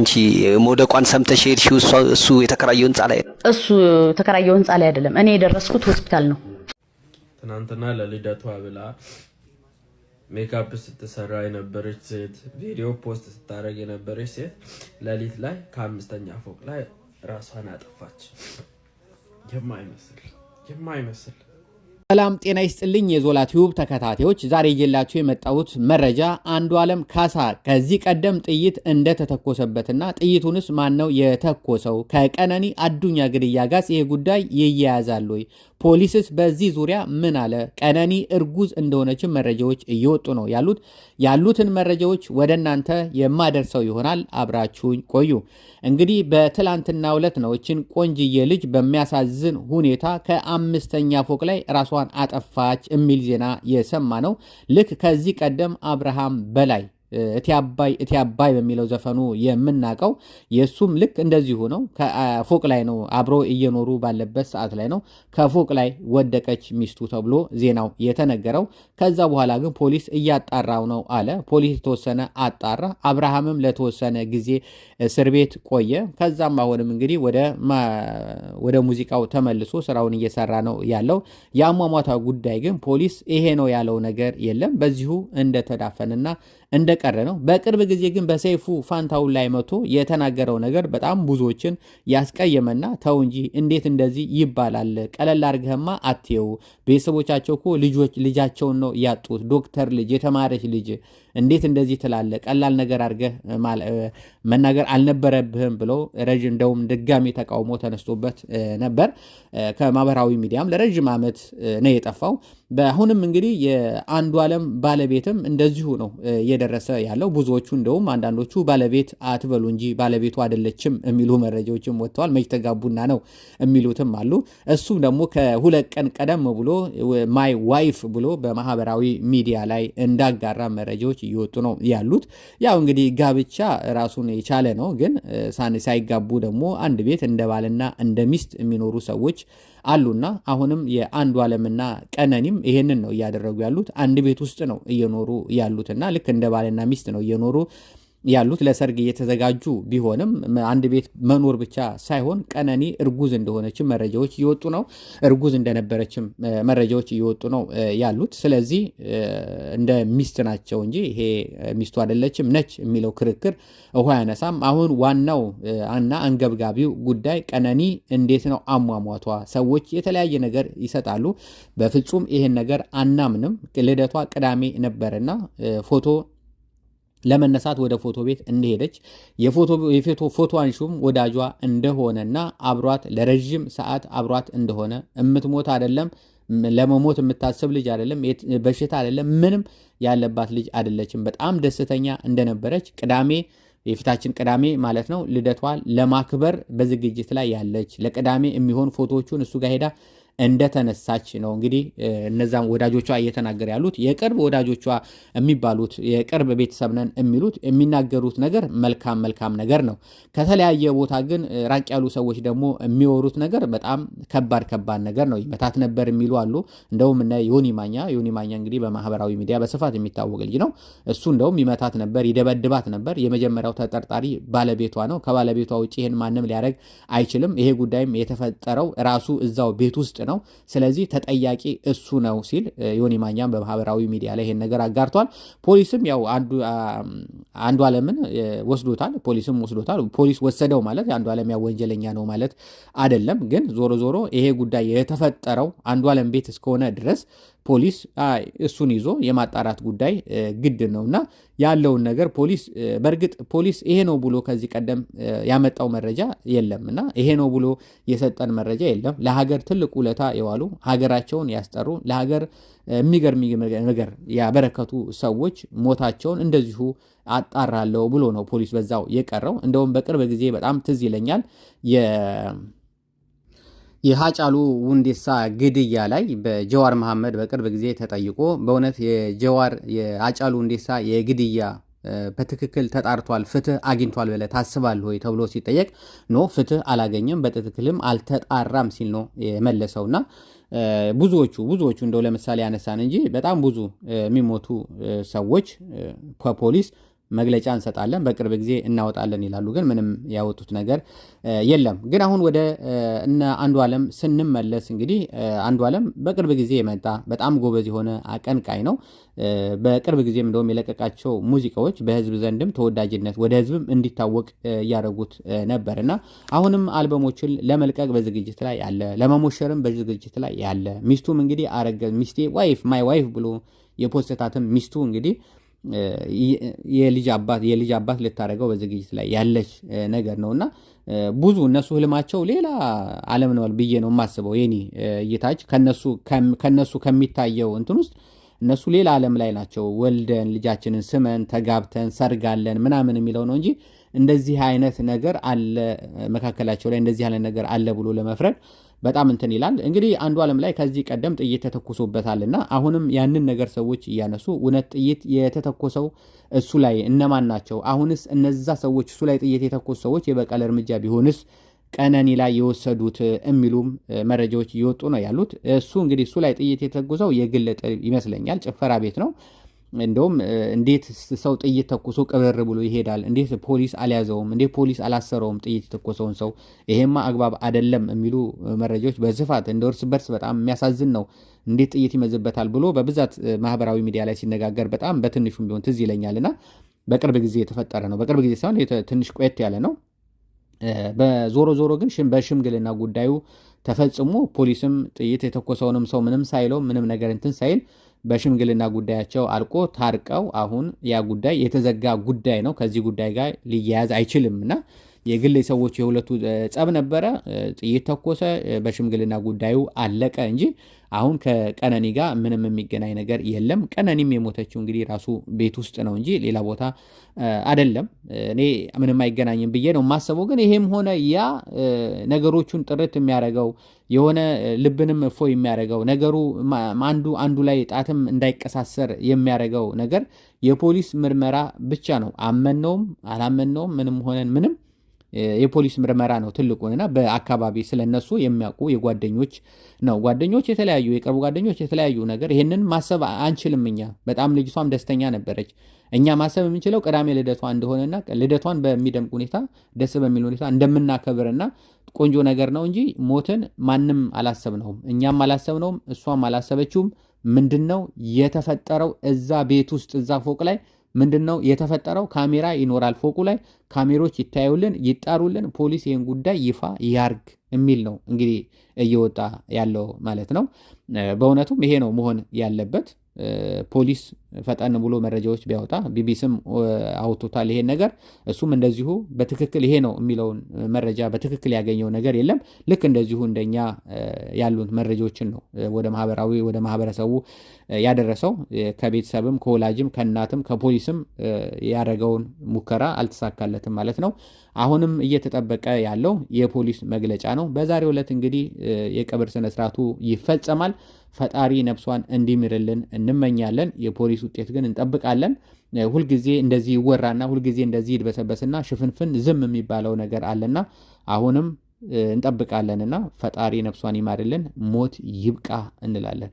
አንቺ መውደቋን ሰምተሽ ሄድሽው? እሱ የተከራየው ህንፃ ላይ እሱ የተከራየው ህንፃ ላይ አይደለም፣ እኔ የደረስኩት ሆስፒታል ነው። ትናንትና ለልደቷ ብላ ሜካፕ ስትሰራ የነበረች ሴት፣ ቪዲዮ ፖስት ስታደረግ የነበረች ሴት ሌሊት ላይ ከአምስተኛ ፎቅ ላይ ራሷን አጠፋች። የማይመስል የማይመስል ሰላም ጤና ይስጥልኝ የዞላ ቲዩብ ተከታታዮች፣ ዛሬ እየላችሁ የመጣሁት መረጃ አንዱ ዓለም ካሳ ከዚህ ቀደም ጥይት እንደተተኮሰበትና ጥይቱንስ ማነው የተኮሰው ከቀነኒ አዱኛ ግድያ ጋር ይህ ጉዳይ ይያያዛል ወይ? ፖሊስስ በዚህ ዙሪያ ምን አለ? ቀነኒ እርጉዝ እንደሆነችም መረጃዎች እየወጡ ነው ያሉት። ያሉትን መረጃዎች ወደ እናንተ የማደርሰው ይሆናል። አብራችሁኝ ቆዩ። እንግዲህ በትላንትና ዕለት ነው እችን ቆንጅዬ ልጅ በሚያሳዝን ሁኔታ ከአምስተኛ ፎቅ ላይ ራሷ ራሷን አጠፋች የሚል ዜና የሰማ ነው። ልክ ከዚህ ቀደም አብርሃም በላይ እቴ አባይ እቴ አባይ በሚለው ዘፈኑ የምናውቀው የእሱም ልክ እንደዚሁ ነው። ከፎቅ ላይ ነው አብሮ እየኖሩ ባለበት ሰዓት ላይ ነው ከፎቅ ላይ ወደቀች ሚስቱ ተብሎ ዜናው የተነገረው። ከዛ በኋላ ግን ፖሊስ እያጣራው ነው አለ። ፖሊስ የተወሰነ አጣራ። አብርሃምም ለተወሰነ ጊዜ እስር ቤት ቆየ። ከዛም አሁንም እንግዲህ ወደ ሙዚቃው ተመልሶ ስራውን እየሰራ ነው ያለው። የአሟሟታ ጉዳይ ግን ፖሊስ ይሄ ነው ያለው ነገር የለም። በዚሁ እንደተዳፈንና እንደቀረ ነው። በቅርብ ጊዜ ግን በሰይፉ ፋንታውን ላይ መቶ የተናገረው ነገር በጣም ብዙዎችን ያስቀየመና ተው እንጂ እንዴት እንደዚህ ይባላል? ቀለል አድርገህማ አትየው። ቤተሰቦቻቸው እኮ ልጃቸውን ነው ያጡት። ዶክተር ልጅ የተማረች ልጅ እንዴት እንደዚህ ትላለ? ቀላል ነገር አድርገህ መናገር አልነበረብህም ብሎ ረዥም እንደውም ድጋሚ ተቃውሞ ተነስቶበት ነበር። ከማህበራዊ ሚዲያም ለረዥም ዓመት ነው የጠፋው። በአሁንም እንግዲህ የአንዱ ዓለም ባለቤትም እንደዚሁ ነው እየደረሰ ያለው ብዙዎቹ እንደውም አንዳንዶቹ ባለቤት አትበሉ እንጂ ባለቤቱ አይደለችም የሚሉ መረጃዎችም ወጥተዋል። መች ተጋቡና ነው የሚሉትም አሉ። እሱም ደግሞ ከሁለት ቀን ቀደም ብሎ ማይ ዋይፍ ብሎ በማህበራዊ ሚዲያ ላይ እንዳጋራ መረጃዎች እየወጡ ነው ያሉት። ያው እንግዲህ ጋብቻ ራሱን የቻለ ነው። ግን ሳይጋቡ ደግሞ አንድ ቤት እንደ ባልና እንደ ሚስት የሚኖሩ ሰዎች አሉና አሁንም የአንዱ አለምና ቀነኒም ይሄንን ነው እያደረጉ ያሉት። አንድ ቤት ውስጥ ነው እየኖሩ ያሉትና ልክ እንደ ባልና ሚስት ነው እየኖሩ ያሉት ለሰርግ እየተዘጋጁ ቢሆንም አንድ ቤት መኖር ብቻ ሳይሆን ቀነኒ እርጉዝ እንደሆነችም መረጃዎች እየወጡ ነው። እርጉዝ እንደነበረችም መረጃዎች እየወጡ ነው ያሉት። ስለዚህ እንደ ሚስት ናቸው እንጂ ይሄ ሚስቱ አይደለችም ነች የሚለው ክርክር ውሃ ያነሳም። አሁን ዋናው እና አንገብጋቢው ጉዳይ ቀነኒ እንዴት ነው አሟሟቷ? ሰዎች የተለያየ ነገር ይሰጣሉ። በፍጹም ይሄን ነገር አናምንም። ልደቷ ቅዳሜ ነበርና ፎቶ ለመነሳት ወደ ፎቶ ቤት እንደሄደች የፎቶ አንሺውም ወዳጇ እንደሆነና አብሯት ለረዥም ሰዓት አብሯት እንደሆነ እምትሞት አይደለም፣ ለመሞት የምታስብ ልጅ አይደለም፣ በሽታ አይደለም፣ ምንም ያለባት ልጅ አይደለችም። በጣም ደስተኛ እንደነበረች ቅዳሜ የፊታችን ቅዳሜ ማለት ነው ልደቷን ለማክበር በዝግጅት ላይ ያለች ለቅዳሜ የሚሆን ፎቶዎቹን እሱ ጋር ሄዳ እንደተነሳች ነው እንግዲህ እነዛ ወዳጆቿ እየተናገር ያሉት የቅርብ ወዳጆቿ የሚባሉት የቅርብ ቤተሰብ ነን የሚሉት የሚናገሩት ነገር መልካም መልካም ነገር ነው። ከተለያየ ቦታ ግን ራቅ ያሉ ሰዎች ደግሞ የሚወሩት ነገር በጣም ከባድ ከባድ ነገር ነው። ይመታት ነበር የሚሉ አሉ። እንደውም እነ ዮኒ ማኛ ዮኒ ማኛ እንግዲህ በማህበራዊ ሚዲያ በስፋት የሚታወቅ ልጅ ነው። እሱ እንደውም ይመታት ነበር፣ ይደበድባት ነበር። የመጀመሪያው ተጠርጣሪ ባለቤቷ ነው። ከባለቤቷ ውጭ ይህን ማንም ሊያደርግ አይችልም። ይሄ ጉዳይም የተፈጠረው ራሱ እዛው ቤት ውስጥ ነው። ስለዚህ ተጠያቂ እሱ ነው ሲል ዮኒ ማኛም በማህበራዊ ሚዲያ ላይ ይሄን ነገር አጋርቷል። ፖሊስም ያው አንዱ አለምን ወስዶታል፣ ፖሊስም ወስዶታል። ፖሊስ ወሰደው ማለት አንዱ አለም ያው ወንጀለኛ ነው ማለት አይደለም። ግን ዞሮ ዞሮ ይሄ ጉዳይ የተፈጠረው አንዱ አለም ቤት እስከሆነ ድረስ ፖሊስ እሱን ይዞ የማጣራት ጉዳይ ግድ ነው እና ያለውን ነገር ፖሊስ በእርግጥ ፖሊስ ይሄ ነው ብሎ ከዚህ ቀደም ያመጣው መረጃ የለም እና ይሄ ነው ብሎ የሰጠን መረጃ የለም። ለሀገር ትልቅ ውለታ የዋሉ ሀገራቸውን ያስጠሩ ለሀገር የሚገርም ነገር ያበረከቱ ሰዎች ሞታቸውን እንደዚሁ አጣራለው ብሎ ነው ፖሊስ በዛው የቀረው። እንደውም በቅርብ ጊዜ በጣም ትዝ ይለኛል የሀጫሉ ውንዴሳ ግድያ ላይ በጀዋር መሐመድ በቅርብ ጊዜ ተጠይቆ በእውነት የጀዋር የሀጫሉ ውንዴሳ የግድያ በትክክል ተጣርቷል፣ ፍትህ አግኝቷል ብለህ ታስባለህ ወይ ተብሎ ሲጠየቅ ኖ ፍትህ አላገኘም፣ በትክክልም አልተጣራም ሲል ነው የመለሰውና ብዙዎቹ ብዙዎቹ እንደው ለምሳሌ ያነሳን እንጂ በጣም ብዙ የሚሞቱ ሰዎች ከፖሊስ መግለጫ እንሰጣለን፣ በቅርብ ጊዜ እናወጣለን ይላሉ። ግን ምንም ያወጡት ነገር የለም። ግን አሁን ወደ እነ አንዱ አለም ስንመለስ እንግዲህ አንዱ አለም በቅርብ ጊዜ የመጣ በጣም ጎበዝ የሆነ አቀንቃይ ነው። በቅርብ ጊዜም እንደውም የለቀቃቸው ሙዚቃዎች በህዝብ ዘንድም ተወዳጅነት ወደ ህዝብም እንዲታወቅ እያደረጉት ነበር እና አሁንም አልበሞችን ለመልቀቅ በዝግጅት ላይ ያለ ለመሞሸርም በዝግጅት ላይ ያለ ሚስቱም እንግዲህ አረገ ሚስቴ ዋይፍ ማይ ዋይፍ ብሎ የፖስተታትም ሚስቱ እንግዲህ የልጅ አባት የልጅ አባት ልታደረገው በዝግጅት ላይ ያለች ነገር ነው እና ብዙ እነሱ ህልማቸው ሌላ ዓለም ነው ብዬ ነው የማስበው። የኔ እይታች ከነሱ ከሚታየው እንትን ውስጥ እነሱ ሌላ ዓለም ላይ ናቸው። ወልደን ልጃችንን ስመን ተጋብተን ሰርጋለን ምናምን የሚለው ነው እንጂ እንደዚህ አይነት ነገር አለ መካከላቸው ላይ እንደዚህ አይነት ነገር አለ ብሎ ለመፍረድ በጣም እንትን ይላል። እንግዲህ አንዱ ዓለም ላይ ከዚህ ቀደም ጥይት እና አሁንም ያንን ነገር ሰዎች እያነሱ እውነት ጥይት የተተኮሰው እሱ ላይ እነማን ናቸው? አሁንስ እነዛ ሰዎች እሱ ላይ ጥይት የተኮሱ ሰዎች የበቀል እርምጃ ቢሆንስ ቀነኒ ላይ የወሰዱት የሚሉም መረጃዎች እየወጡ ነው ያሉት። እሱ እንግዲህ እሱ ላይ ጥይት የተጉዘው የግል ይመስለኛል፣ ጭፈራ ቤት ነው። እንደውም እንዴት ሰው ጥይት ተኩሶ ቅብር ብሎ ይሄዳል? እንዴት ፖሊስ አልያዘውም? እንዴት ፖሊስ አላሰረውም? ጥይት የተኮሰውን ሰው ይሄማ አግባብ አደለም የሚሉ መረጃዎች በስፋት እንደ እርስ በርስ በጣም የሚያሳዝን ነው። እንዴት ጥይት ይመዝበታል ብሎ በብዛት ማህበራዊ ሚዲያ ላይ ሲነጋገር በጣም በትንሹም ቢሆን ትዝ ይለኛልና በቅርብ ጊዜ የተፈጠረ ነው። በቅርብ ጊዜ ሳይሆን ትንሽ ቆየት ያለ ነው። በዞሮ ዞሮ ግን በሽምግልና ጉዳዩ ተፈጽሞ ፖሊስም ጥይት የተኮሰውንም ሰው ምንም ሳይለው ምንም ነገር እንትን ሳይል በሽምግልና ጉዳያቸው አልቆ ታርቀው አሁን ያ ጉዳይ የተዘጋ ጉዳይ ነው። ከዚህ ጉዳይ ጋር ሊያያዝ አይችልም እና የግል ሰዎች የሁለቱ ጸብ ነበረ። ጥይት ተኮሰ፣ በሽምግልና ጉዳዩ አለቀ እንጂ አሁን ከቀነኒ ጋር ምንም የሚገናኝ ነገር የለም። ቀነኒም የሞተችው እንግዲህ ራሱ ቤት ውስጥ ነው እንጂ ሌላ ቦታ አደለም። እኔ ምንም አይገናኝም ብዬ ነው የማስበው። ግን ይሄም ሆነ ያ ነገሮቹን ጥርት የሚያደርገው የሆነ ልብንም እፎ የሚያደርገው ነገሩ አንዱ አንዱ ላይ ጣትም እንዳይቀሳሰር የሚያደርገው ነገር የፖሊስ ምርመራ ብቻ ነው። አመነውም አላመነውም ምንም ሆነን ምንም የፖሊስ ምርመራ ነው ትልቁንና በአካባቢ ስለነሱ የሚያውቁ የጓደኞች ነው ጓደኞች የተለያዩ የቅርብ ጓደኞች የተለያዩ ነገር ይህንን ማሰብ አንችልም። እኛ በጣም ልጅቷም ደስተኛ ነበረች። እኛ ማሰብ የምንችለው ቅዳሜ ልደቷ እንደሆነና ልደቷን በሚደምቅ ሁኔታ ደስ በሚል ሁኔታ እንደምናከብርና ቆንጆ ነገር ነው እንጂ ሞትን ማንም አላሰብነውም። እኛም አላሰብነውም፣ እሷም አላሰበችውም። ምንድን ነው የተፈጠረው? እዛ ቤት ውስጥ እዛ ፎቅ ላይ ምንድን ነው የተፈጠረው? ካሜራ ይኖራል ፎቁ ላይ ካሜሮች ይታዩልን፣ ይጣሩልን፣ ፖሊስ ይህን ጉዳይ ይፋ ያርግ የሚል ነው እንግዲህ እየወጣ ያለው ማለት ነው። በእውነቱም ይሄ ነው መሆን ያለበት። ፖሊስ ፈጠን ብሎ መረጃዎች ቢያወጣ ቢቢሲም አውቶታል ይሄን ነገር። እሱም እንደዚሁ በትክክል ይሄ ነው የሚለውን መረጃ በትክክል ያገኘው ነገር የለም። ልክ እንደዚሁ እንደኛ ያሉን መረጃዎችን ነው ወደ ማህበራዊ ወደ ማህበረሰቡ ያደረሰው። ከቤተሰብም ከወላጅም ከእናትም ከፖሊስም ያደረገውን ሙከራ አልተሳካለትም ማለት ነው። አሁንም እየተጠበቀ ያለው የፖሊስ መግለጫ ነው። በዛሬው ዕለት እንግዲህ የቀብር ስነስርዓቱ ይፈጸማል። ፈጣሪ ነፍሷን እንዲምርልን እንመኛለን። የፖሊስ ውጤት ግን እንጠብቃለን። ሁልጊዜ እንደዚህ ይወራና ሁልጊዜ እንደዚህ ይድበሰበስና ሽፍንፍን ዝም የሚባለው ነገር አለና አሁንም እንጠብቃለንና ፈጣሪ ነፍሷን ይማርልን፣ ሞት ይብቃ እንላለን።